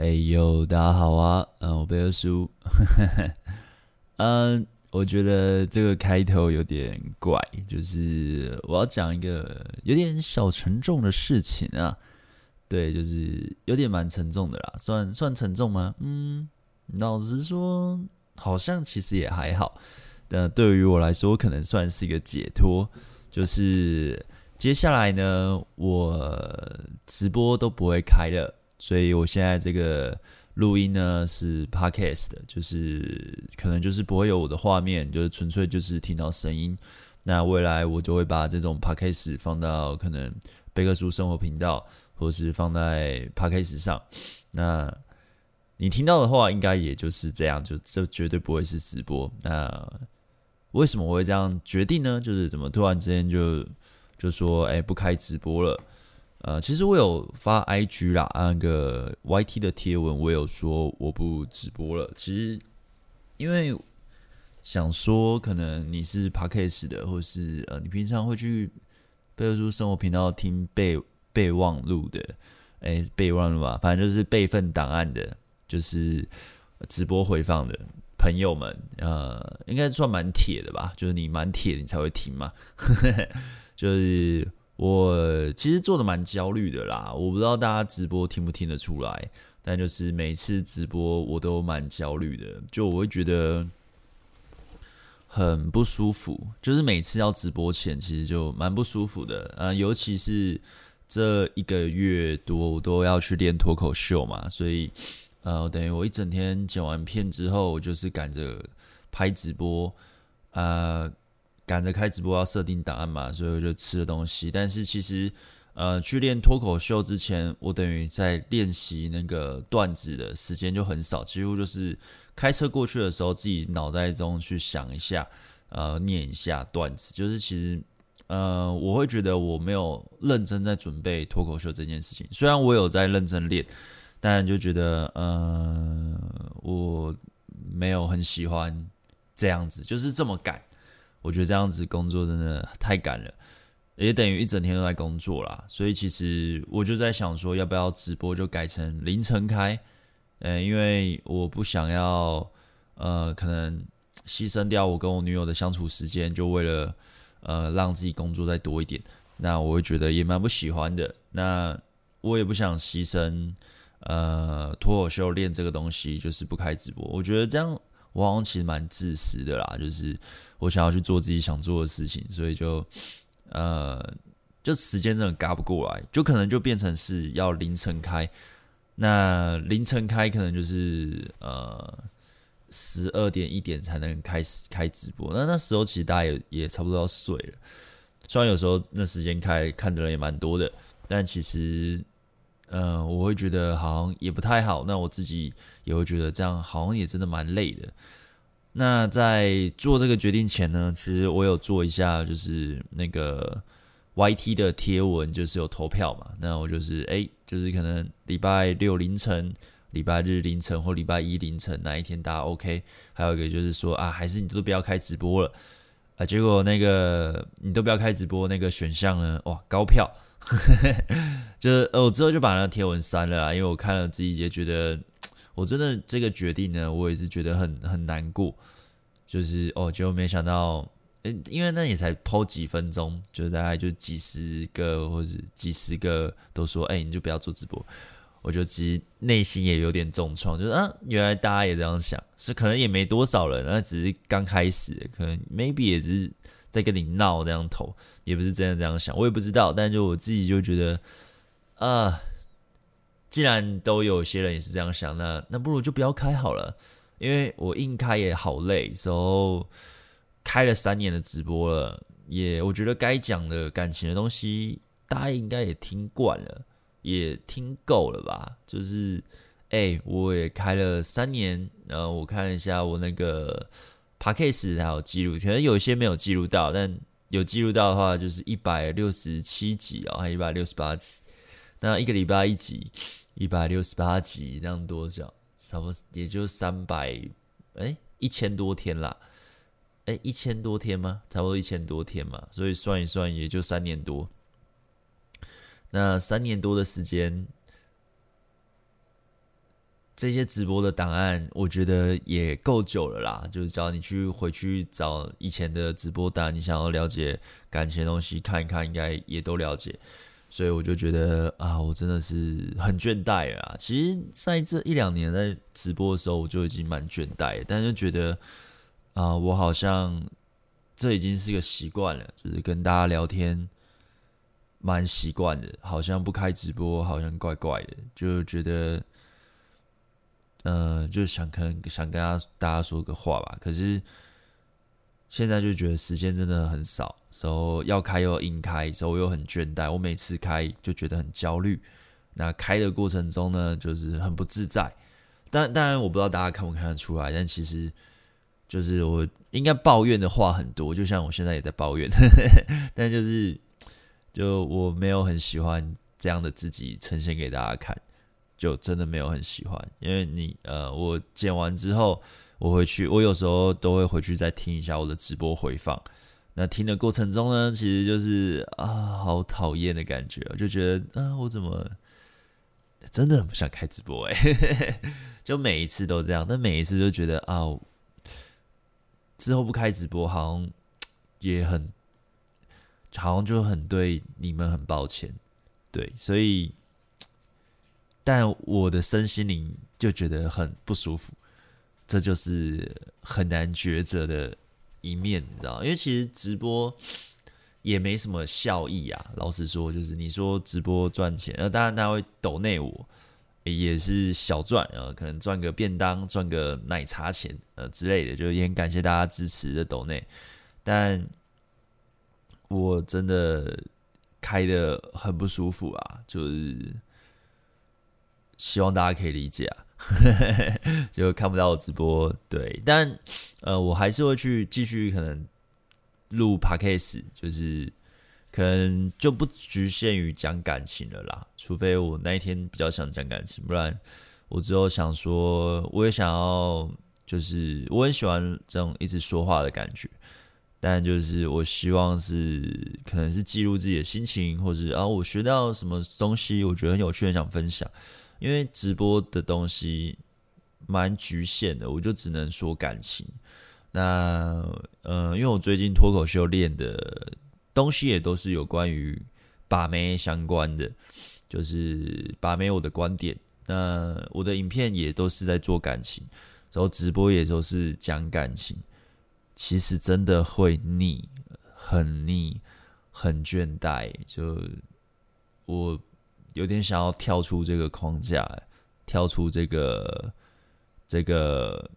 哎呦，大家好啊！嗯、呃，我貝克書呵呵呵。嗯、 呃，我覺得這個開頭有點怪，就是我要講一個有點小沉重的事情啊。對，就是有點蠻沉重的啦，算算沉重嗎？嗯，老實說，好像其實也還好。但對於我來說，可能算是一個解脫。就是接下來呢，我直播都不會開了。所以我現在這個錄音呢，是 Podcast 的。就是可能就是不會有我的畫面，就是純粹就是聽到聲音。那未來我就會把這種 Podcast 放到可能貝克書生活頻道，或是放在 Podcast 上。那你聽到的話，應該也就是這樣，就這絕對不會是直播。那為什麼我會這樣決定呢？就是怎麼突然之間就就說，哎、欸，不開直播了。呃，其實我有發 IG 啦，那個 YT 的貼文，我有說我不直播了。其實因為想說，可能你是 Podcast 的，或是呃，你平常會去貝克書生活頻道聽備備忘錄的，哎，備忘錄吧，反正就是備份檔案的，就是直播回放的朋友們，呃，應該算蠻鐵的吧？就是你蠻鐵，你才會聽嘛，呵呵就是。我其實做的蠻焦慮的啦，我不知道大家直播聽不聽得出來，但就是每次直播我都蠻焦慮的，就我會覺得很不舒服，就是每次要直播前其實就蠻不舒服的，啊，尤其是這一個月多我都要去練脫口秀嘛，所以呃，等於我一整天剪完片之後，我就是趕着拍直播，呃。趕着開直播要設定答案嘛，所以我就吃了東西。但是其實，呃，去練脫口秀之前，我等於在練習那個段子的時間就很少，幾乎就是開車過去的時候，自己腦袋中去想一下，呃，念一下段子。就是其實，呃，我會覺得我沒有認真在準備脫口秀這件事情，雖然我有在認真練，但就覺得，呃，我沒有很喜歡這樣子，就是這麼趕。我覺得這樣子工作真的太趕了，也等於一整天都在工作啦。所以其實我就在想說，要不要直播就改成凌晨開？嗯、欸，因為我不想要呃，可能犧牲掉我跟我女友的相處時間，就為了呃，讓自己工作再多一點。那我會覺得也蠻不喜歡的。那我也不想犧牲呃，脫口秀練這個東西，就是不開直播。我覺得這樣。我其實蠻自私的啦，就是我想要去做自己想做的事情，所以就呃，就時間真的趕不過來，就可能就變成是要凌晨開，那凌晨開可能就是呃十二點一點才能開始開直播，那那時候其實大家也也差不多要睡了，雖然有時候那時間開看的人也蠻多的，但其實。嗯，我會覺得好像也不太好。那我自己也會覺得這樣好像也真的蠻累的。那在做這個決定前呢，其實我有做一下，就是那個 YT 的貼文，就是有投票嘛。那我就是誒，就是可能禮拜六凌晨，禮拜日凌晨或禮拜一凌晨哪一天大家 OK？還有一個就是說啊，還是你都不要開直播了啊。結果那個你都不要開直播那個選項呢，哇，高票。 就是我、哦、之後就把那個貼文刪了啊，因為我看了這一節，覺得我真的這個決定呢，我也是覺得很很難過。就是哦，就沒想到，嗯、欸，因為那也才 po 幾分鐘，就大概就幾十個或者幾十個都說，哎、欸，你就不要做直播。我就其實內心也有點重創，就是啊，原來大家也這樣想，是可能也沒多少人，那只是剛開始，可能 maybe 也只是。在跟你鬧這樣頭，也不是真的這樣想，我也不知道，但就我自己就覺得，呃，既然都有些人也是這樣想，那那不如就不要開好了，因為我硬開也好累，時候開了三年的直播了，也我覺得該講的感情的東西，大家應該也聽慣了，也聽夠了吧？就是，誒、欸，我也開了三年，然後我看一下我那個。爬 case 還有記錄，可能有一些沒有記錄到，但有記錄到的話，就是一百六十七集哦，還有一百六十八集。那一個禮拜一集，一百六十八集，這樣多少？差不多也就三百，哎，一千多天啦。哎、欸，一千多天嗎？差不多一千多天嘛，所以算一算也就三年多。那三年多的時間。這些直播的檔案，我覺得也夠久了啦。就是只要你去回去找以前的直播檔，你想要了解感情的東西看一看，應該也都了解。所以我就覺得啊，我真的是很倦怠了啦。其實，在這一兩年在直播的時候，我就已經蠻倦怠的，但是覺得啊，我好像這已經是個習慣了，就是跟大家聊天蠻習慣的，好像不開直播好像怪怪的，就覺得。呃，就想跟想跟大大家說個話吧，可是現在就覺得時間真的很少，所以要開又要硬開，所以我又很倦怠。我每次開就覺得很焦慮，那開的過程中呢，就是很不自在。但當然我不知道大家看不看得出來，但其實就是我應該抱怨的話很多，就像我現在也在抱怨，呵呵，但就是就我沒有很喜歡這樣的自己呈現給大家看。就真的沒有很喜歡，因為你，呃，我剪完之後，我回去，我有時候都會回去再聽一下我的直播回放。那聽的過程中呢，其實就是啊，好討厭的感覺，就覺得啊，我怎麼真的很不想開直播嘿、欸、 就每一次都這樣，但每一次就覺得啊，之後不開直播好像也很，好像就很對你們很抱歉，對，所以。但我的身心靈就覺得很不舒服，這就是很難抉擇的一面，你知道嗎？因為其實直播也沒什麼效益啊。老實說，就是你說直播賺錢，呃，當然，他會抖內我，呃，也是小賺啊，呃，可能賺個便當，賺個奶茶錢，呃之類的，就也很感謝大家支持的抖內。但我真的開得很不舒服啊，就是。希望大家可以理解，啊， 就看不到我直播。對，但呃，我還是會去繼續可能錄 p a c c a s e 就是可能就不局限於講感情了啦。除非我那一天比較想講感情，不然我之後想說，我也想要，就是我很喜歡這種一直說話的感覺。但就是我希望是，可能是記錄自己的心情，或者是啊，我學到什麼東西，我覺得很有趣，很想分享。因為直播的東西蠻局限的，我就只能說感情。那呃，因為我最近脫口秀練的東西也都是有關於把妹相關的，就是把妹我的觀點。那我的影片也都是在做感情，然後直播也都是講感情。其實真的會膩，很膩，很倦怠。就我。有點想要跳出這個框架，跳出這個這個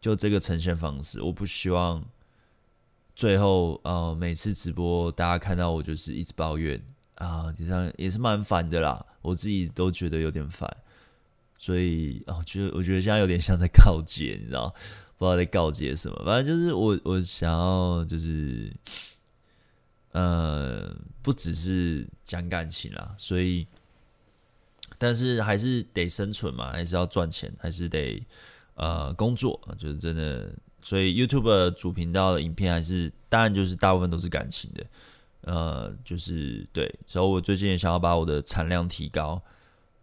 就這個呈現方式。我不希望最後呃每次直播大家看到我就是一直抱怨啊，就、呃、像也是蠻煩的啦。我自己都覺得有點煩，所以哦，我覺得我覺得現在有點像在告解，你知道不知道在告解什麼？反正就是我我想要就是嗯、呃，不只是講感情啦，所以。但是還是得生存嘛，還是要賺錢，還是得呃工作，就是真的。所以 YouTube 主頻道的影片還是，當然就是大部分都是感情的，呃，就是對。所以我最近也想要把我的產量提高，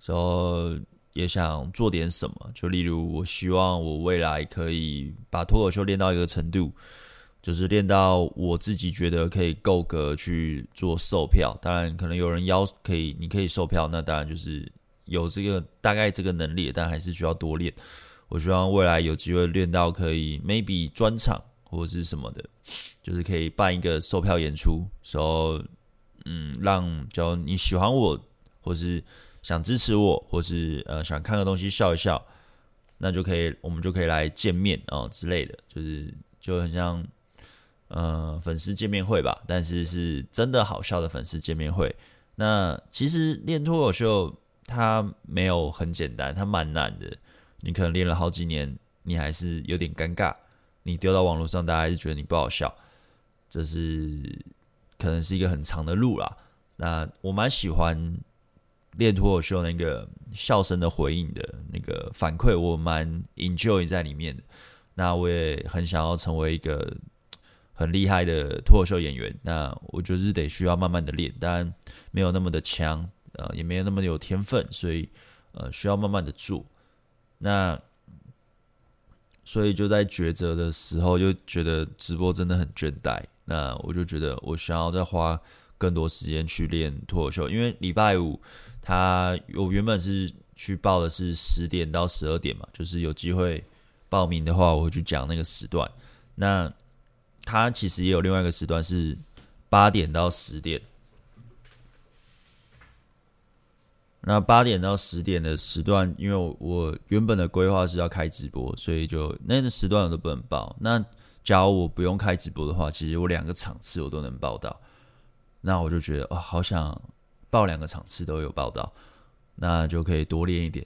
然後也想做點什麼，就例如我希望我未來可以把脫口秀練到一個程度。就是練到我自己覺得可以夠格去做售票，當然可能有人邀可以，你可以售票，那當然就是有這個大概這個能力，但還是需要多練。我希望未來有機會練到可以 maybe 專場或者是什麼的，就是可以辦一個售票演出時候，so, 嗯，讓叫你喜歡我，或是想支持我，或是呃想看個東西笑一笑，那就可以我們就可以來見面啊、哦、之類的，就是就很像。呃，粉絲見面會吧，但是是真的好笑的粉絲見面會。那其實練脫口秀，它沒有很簡單，它蠻難的。你可能練了好幾年，你還是有點尷尬，你丟到網絡上，大家還是覺得你不好笑。這是可能是一個很長的路啦。那我蠻喜歡練脫口秀那個笑聲的回應的那個反饋，我蠻 enjoy 在裡面的。那我也很想要成為一個。很厲害的脫口秀演員，那我就是得需要慢慢的練，當然沒有那麼的強，呃，也沒有那麼有天分，所以呃，需要慢慢的做。那所以就在抉擇的時候，就覺得直播真的很倦怠。那我就覺得我想要再花更多時間去練脫口秀，因為禮拜五他我原本是去報的是十點到十二點嘛，就是有機會報名的話，我會去講那個時段。那他其實也有另外一個時段是八點到十點。那八點到十點的時段，因為我我原本的規劃是要開直播，所以就那個時段我都不能報。那假如我不用開直播的話，其實我兩個場次我都能報到。那我就覺得哦，好想報兩個場次都有報到，那就可以多練一點。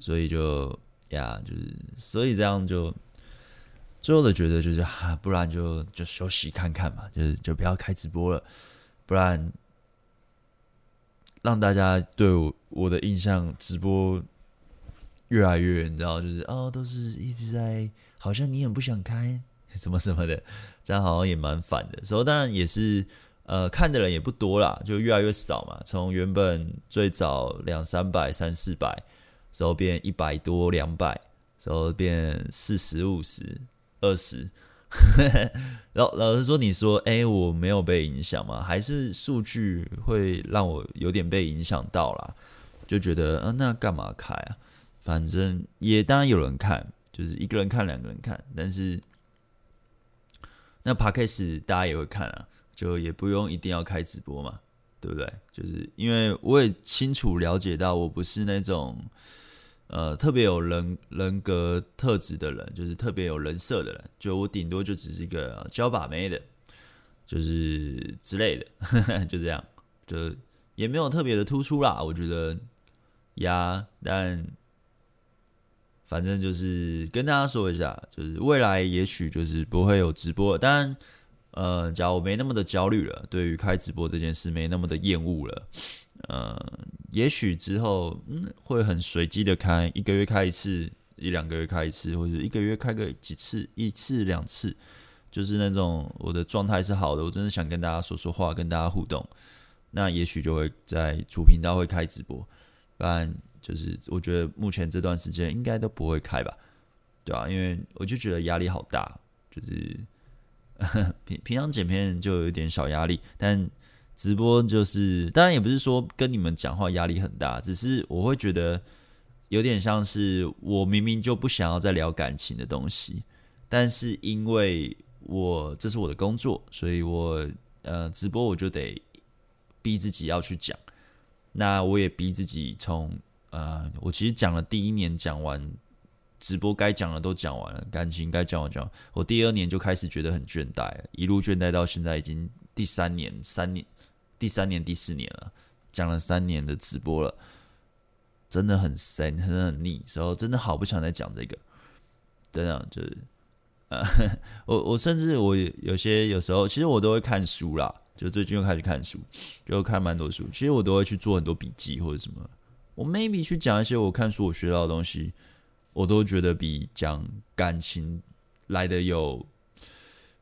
所以就呀，就是所以這樣就。最後的覺得就是哈、啊，不然就就休息看看嘛，就是就不要開直播了，不然讓大家對我我的印象直播越來越遠，你知道就是哦，都是一直在，好像你很不想開什麼什麼的，這樣好像也蠻煩的。所以當然也是呃，看的人也不多啦，就越來越少嘛。從原本最早兩三百、三四百時候變一百多、兩百時候變四十、五十。二十， 老老實說：“你說，誒，我沒有被影響嗎？還是數據會讓我有點被影響到啦。就覺得，嗯、啊，那干嘛開啊？反正也當然有人看，就是一個人看，兩個人看，但是那 Podcast 大家也會看啊，就也不用一定要開直播嘛，對不對？就是因為我也清楚了解到，我不是那種。”呃，特別有人人格特質的人，就是特別有人設的人，就我頂多就只是一個、啊、教把妹的，就是之類的，呵呵，就這樣，就也沒有特別的突出啦，我覺得，呀，但反正就是跟大家說一下，就是未來也許就是不會有直播，但。呃，假如我沒那麼的焦慮了，對於開直播這件事沒那麼的厭惡了，呃，也許之後嗯會很隨機的開，一個月開一次，一兩個月開一次，或者一個月開個幾次，一次兩次，就是那種我的狀態是好的，我真的想跟大家說說話，跟大家互動，那也許就會在主頻道會開直播，不然就是我覺得目前這段時間應該都不會開吧，對啊。因為我就覺得壓力好大，就是。平平常剪片就有一點小壓力，但直播就是，當然也不是說跟你們講話壓力很大，只是我會覺得有點像是我明明就不想要再聊感情的東西，但是因為我這是我的工作，所以我呃直播我就得逼自己要去講，那我也逼自己從呃我其實講了第一年講完。直播該講的都講完了，感情該講完講完。我第二年就開始覺得很倦怠了，一路倦怠到現在已經第三年，三年第三年第四年了，講了三年的直播了，真的很深，真的很膩。時候真的好不想再講這個。真的、啊、就是，啊、呵呵我我甚至我有，有些有時候，其實我都會看書啦，就最近又開始看書，就看蠻多書。其實我都會去做很多筆記或者什麼，我 maybe 去講一些我看書我學到的東西。我都覺得比講感情來的有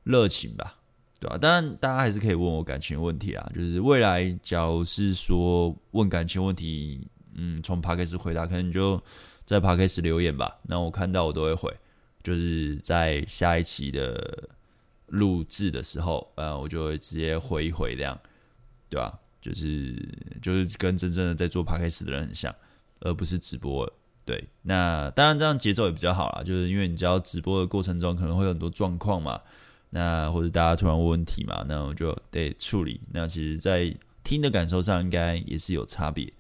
熱情吧，對吧？當然，大家還是可以問我感情問題啦。就是未來，假如是說問感情問題，嗯，從 podcast 回答，可能就在 podcast 留言吧。那我看到我都會回，就是在下一期的錄制的時候，呃，我就會直接回一回這樣，對吧？就是就是跟真正的在做 podcast 的人很像，而不是直播。對，那當然這樣節奏也比較好啦。就是因為你知道直播的過程中可能會有很多狀況嘛，那或者大家突然問問題嘛，那我就得處理。那其實，在聽的感受上應該也是有差別，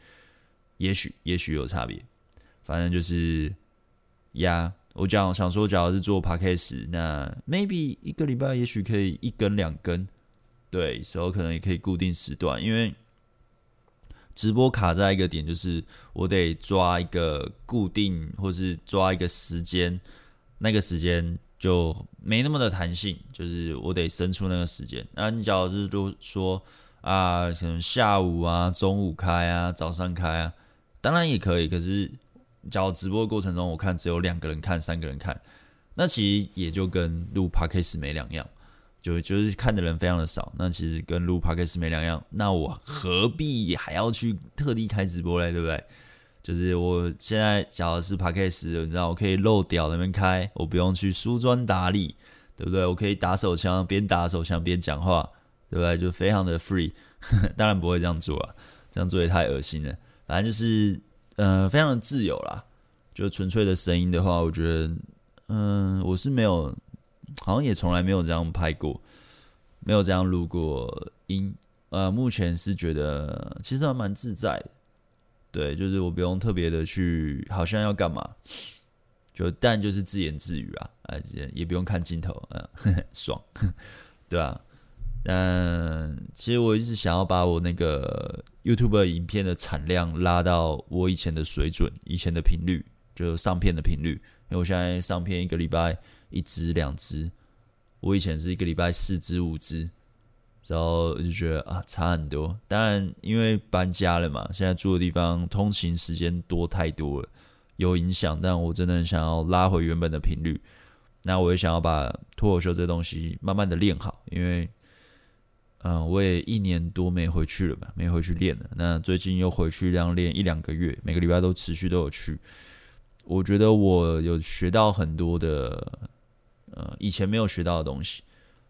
也許也許有差別，反正就是，呀，我講想說，假如是做 podcast，那 maybe 一個禮拜也許可以一更兩更，對，時候可能也可以固定時段，因為。直播卡在一個點，就是我得抓一個固定，或是抓一個時間，那個時間就沒那麼的彈性，就是我得伸出那個時間。那你假如就是都說啊，可能下午啊、中午開啊、早上開啊，當然也可以。可是，假如直播的過程中，我看只有兩個人看，三個人看，那其實也就跟錄 podcast 沒兩樣。就就是看的人非常的少，那其實跟錄 podcast 沒兩樣，那我何必還要去特地開直播嘞？對不對？就是我現在假如是 podcast，你知道我可以漏屌那邊開，我不用去梳妝打理，對不對？我可以打手槍，邊打手槍邊講話，對不對？就非常的 free，呵呵當然不會這樣做啊，這樣做也太噁心了。反正就是，嗯、呃，非常的自由啦。就純粹的聲音的話，我覺得，嗯、呃，我是沒有。好像也從來沒有這樣拍過，沒有這樣錄過音。呃，目前是覺得其實還蠻自在的，對，就是我不用特別的去，好像要幹嘛，就但就是自言自語啊，哎，也不用看鏡頭，嗯，呵呵爽呵，對啊，嗯，其實我一直想要把我那個 YouTube 影片的產量拉到我以前的水準，以前的頻率，就上片的頻率，因為我現在上片一個禮拜。一支兩支，我以前是一個禮拜四支五支，然後就覺得啊差很多。當然因為搬家了嘛，現在住的地方通勤時間多太多了，有影響。但我真的想要拉回原本的頻率，那我也想要把脫口秀這東西慢慢的練好，因為嗯、呃、我也一年多沒回去了吧，沒回去練了。那最近又回去這樣練一兩個月，每個禮拜都持續都有去，我覺得我有學到很多的。呃，以前沒有學到的東西，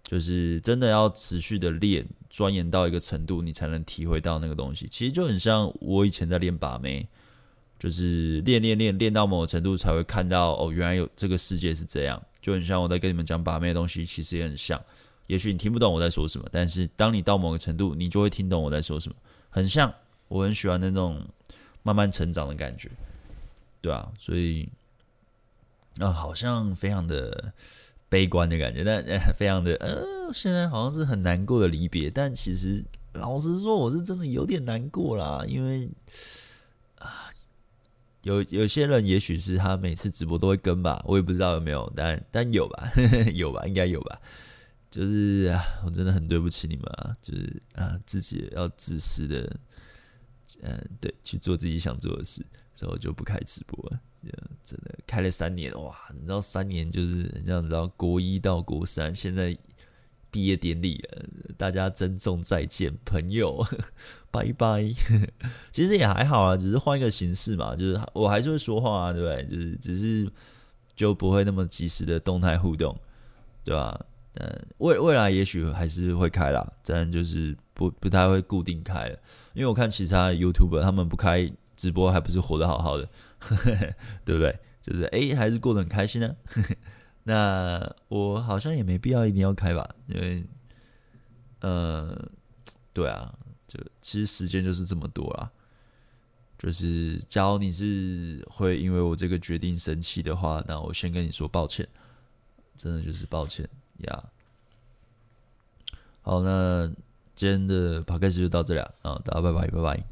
就是真的要持續的練，鑽研到一個程度，你才能體會到那個東西。其實就很像我以前在練把妹，就是練練練練到某個程度才會看到哦，原來有這個世界是這樣。就很像我在跟你們講把妹的東西，其實也很像。也許你聽不懂我在說什麼，但是當你到某個程度，你就會聽懂我在說什麼。很像我很喜歡那種慢慢成長的感覺，對啊。所以啊，呃，好像非常的。悲觀的感覺，但、呃、非常的呃，現在好像是很難過的離別，但其實老實說，我是真的有點難過啦，因為啊，有有些人也許是他每次直播都會跟吧，我也不知道有沒有，但但有吧呵呵，有吧，應該有吧，就是、啊、我真的很對不起你們啊，就是啊，自己要自私的，嗯、啊，對，去做自己想做的事，所以我就不開直播了。真的開了三年哇！你知道三年就是這樣子，然後國一到國三，現在畢業典禮了，大家珍重再見，朋友呵呵，拜拜。其實也還好啊，只是換一個形式嘛，就是我還是會說話啊，對不對？就是只是就不會那麼即時的動態互動，對吧啊？嗯，未未來也許還是會開啦，但就是不不太會固定開了，因為我看其他 YouTuber 他們不開直播，還不是活得好好的。呵呵呵，對不對？就是哎，還是過得很開心呢、啊。 那我好像也沒必要一定要開吧，因為，呃，對啊，就其實時間就是這麼多啦。就是假如你是會因為我這個決定生氣的話，那我先跟你說抱歉，真的就是抱歉呀。Yeah. 好，那今天的 p 開始就到這裡啊，啊，大家拜拜，拜拜。